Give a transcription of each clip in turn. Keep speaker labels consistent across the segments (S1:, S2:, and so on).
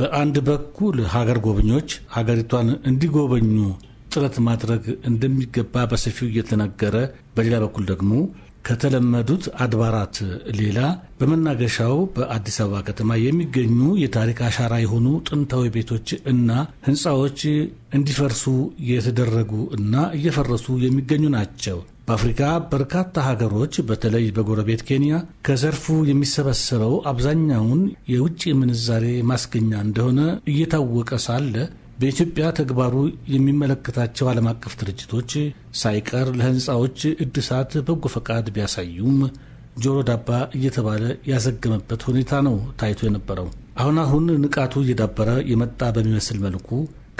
S1: በአንድ በኩል ሀገር ጎብኚዎች ሀገሪቷን እንዲጎበኙ ጥረት ማድረግ እንደሚገባ በሰፊው እየተነገረ፣ በሌላ በኩል ደግሞ ከተለመዱት አድባራት ሌላ በመናገሻው በአዲስ አበባ ከተማ የሚገኙ የታሪክ አሻራ የሆኑ ጥንታዊ ቤቶች እና ህንፃዎች እንዲፈርሱ የተደረጉ እና እየፈረሱ የሚገኙ ናቸው። በአፍሪካ በርካታ ሀገሮች በተለይ በጎረቤት ኬንያ ከዘርፉ የሚሰበሰበው አብዛኛውን የውጭ ምንዛሬ ማስገኛ እንደሆነ እየታወቀ ሳለ በኢትዮጵያ ተግባሩ የሚመለከታቸው ዓለም አቀፍ ድርጅቶች ሳይቀር ለሕንፃዎች እድሳት በጎ ፈቃድ ቢያሳዩም ጆሮ ዳባ እየተባለ ያዘገመበት ሁኔታ ነው ታይቶ የነበረው። አሁን አሁን ንቃቱ እየዳበረ የመጣ በሚመስል መልኩ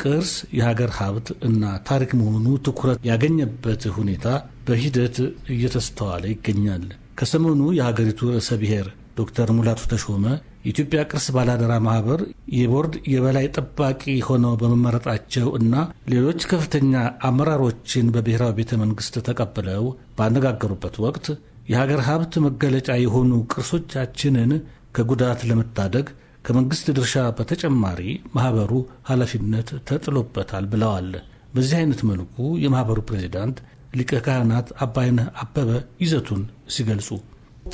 S1: ቅርስ የሀገር ሀብት እና ታሪክ መሆኑ ትኩረት ያገኘበት ሁኔታ በሂደት እየተስተዋለ ይገኛል። ከሰሞኑ የሀገሪቱ ርዕሰ ብሔር ዶክተር ሙላቱ ተሾመ የኢትዮጵያ ቅርስ ባላደራ ማህበር የቦርድ የበላይ ጠባቂ ሆነው በመመረጣቸው እና ሌሎች ከፍተኛ አመራሮችን በብሔራዊ ቤተ መንግስት ተቀብለው ባነጋገሩበት ወቅት የሀገር ሀብት መገለጫ የሆኑ ቅርሶቻችንን ከጉዳት ለመታደግ ከመንግስት ድርሻ በተጨማሪ ማህበሩ ኃላፊነት ተጥሎበታል ብለዋል። በዚህ አይነት መልኩ የማህበሩ ፕሬዚዳንት ሊቀ ካህናት አባይነህ አበበ ይዘቱን ሲገልጹ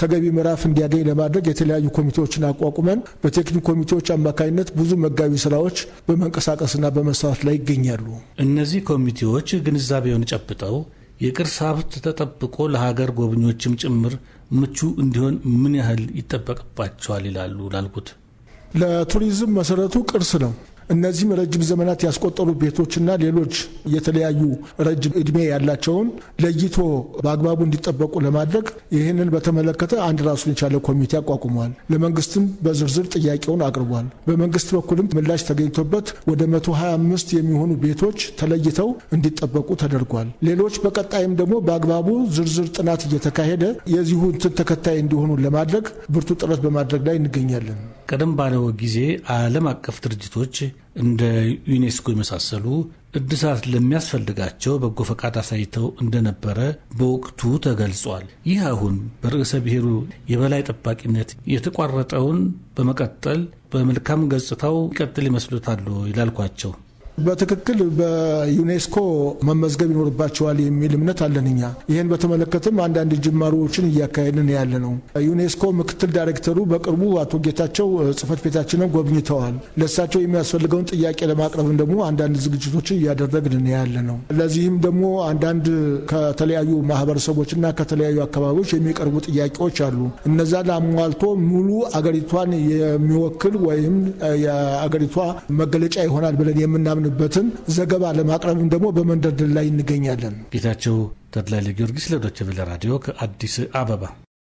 S2: ተገቢ ምዕራፍ እንዲያገኝ ለማድረግ የተለያዩ ኮሚቴዎችን አቋቁመን በቴክኒክ ኮሚቴዎች አማካኝነት ብዙ መጋቢ ስራዎች በመንቀሳቀስና በመስራት ላይ ይገኛሉ።
S1: እነዚህ ኮሚቴዎች ግንዛቤውን ጨብጠው የቅርስ ሀብት ተጠብቆ ለሀገር ጎብኚዎችም ጭምር ምቹ እንዲሆን ምን ያህል ይጠበቅባቸዋል? ይላሉ ላልኩት
S2: ለቱሪዝም መሰረቱ ቅርስ ነው። እነዚህም ረጅም ዘመናት ያስቆጠሩ ቤቶችና ሌሎች የተለያዩ ረጅም እድሜ ያላቸውን ለይቶ በአግባቡ እንዲጠበቁ ለማድረግ ይህንን በተመለከተ አንድ ራሱን የቻለ ኮሚቴ አቋቁሟል። ለመንግስትም በዝርዝር ጥያቄውን አቅርቧል። በመንግስት በኩልም ምላሽ ተገኝቶበት ወደ 125 የሚሆኑ ቤቶች ተለይተው እንዲጠበቁ ተደርጓል። ሌሎች በቀጣይም ደግሞ በአግባቡ ዝርዝር ጥናት እየተካሄደ የዚሁ እንትን ተከታይ እንዲሆኑ ለማድረግ ብርቱ ጥረት በማድረግ ላይ እንገኛለን።
S1: ቀደም ባለው ጊዜ ዓለም አቀፍ ድርጅቶች እንደ ዩኔስኮ የመሳሰሉ እድሳት ለሚያስፈልጋቸው በጎ ፈቃድ አሳይተው እንደነበረ በወቅቱ ተገልጿል። ይህ አሁን በርዕሰ ብሔሩ የበላይ ጠባቂነት የተቋረጠውን በመቀጠል በመልካም ገጽታው ይቀጥል ይመስሉታሉ ይላልኳቸው
S2: በትክክል በዩኔስኮ መመዝገብ ይኖርባቸዋል የሚል እምነት አለን እኛ። ይህን በተመለከተም አንዳንድ ጅማሮዎችን እያካሄድን ያለ ነው። ዩኔስኮ ምክትል ዳይሬክተሩ በቅርቡ አቶ ጌታቸው ጽህፈት ቤታችንን ጎብኝተዋል። ለእሳቸው የሚያስፈልገውን ጥያቄ ለማቅረብም ደግሞ አንዳንድ ዝግጅቶችን እያደረግን ያለ ነው። ለዚህም ደግሞ አንዳንድ ከተለያዩ ማህበረሰቦችና ከተለያዩ አካባቢዎች የሚቀርቡ ጥያቄዎች አሉ። እነዛ አሟልቶ ሙሉ አገሪቷን የሚወክል ወይም የአገሪቷ መገለጫ ይሆናል ብለን የምናምን የሆንበትን ዘገባ ለማቅረብም ደግሞ በመንደርደር ላይ እንገኛለን።
S1: ጌታቸው ተድላይ ለጊዮርጊስ ለዶቸቬለ ራዲዮ ከአዲስ አበባ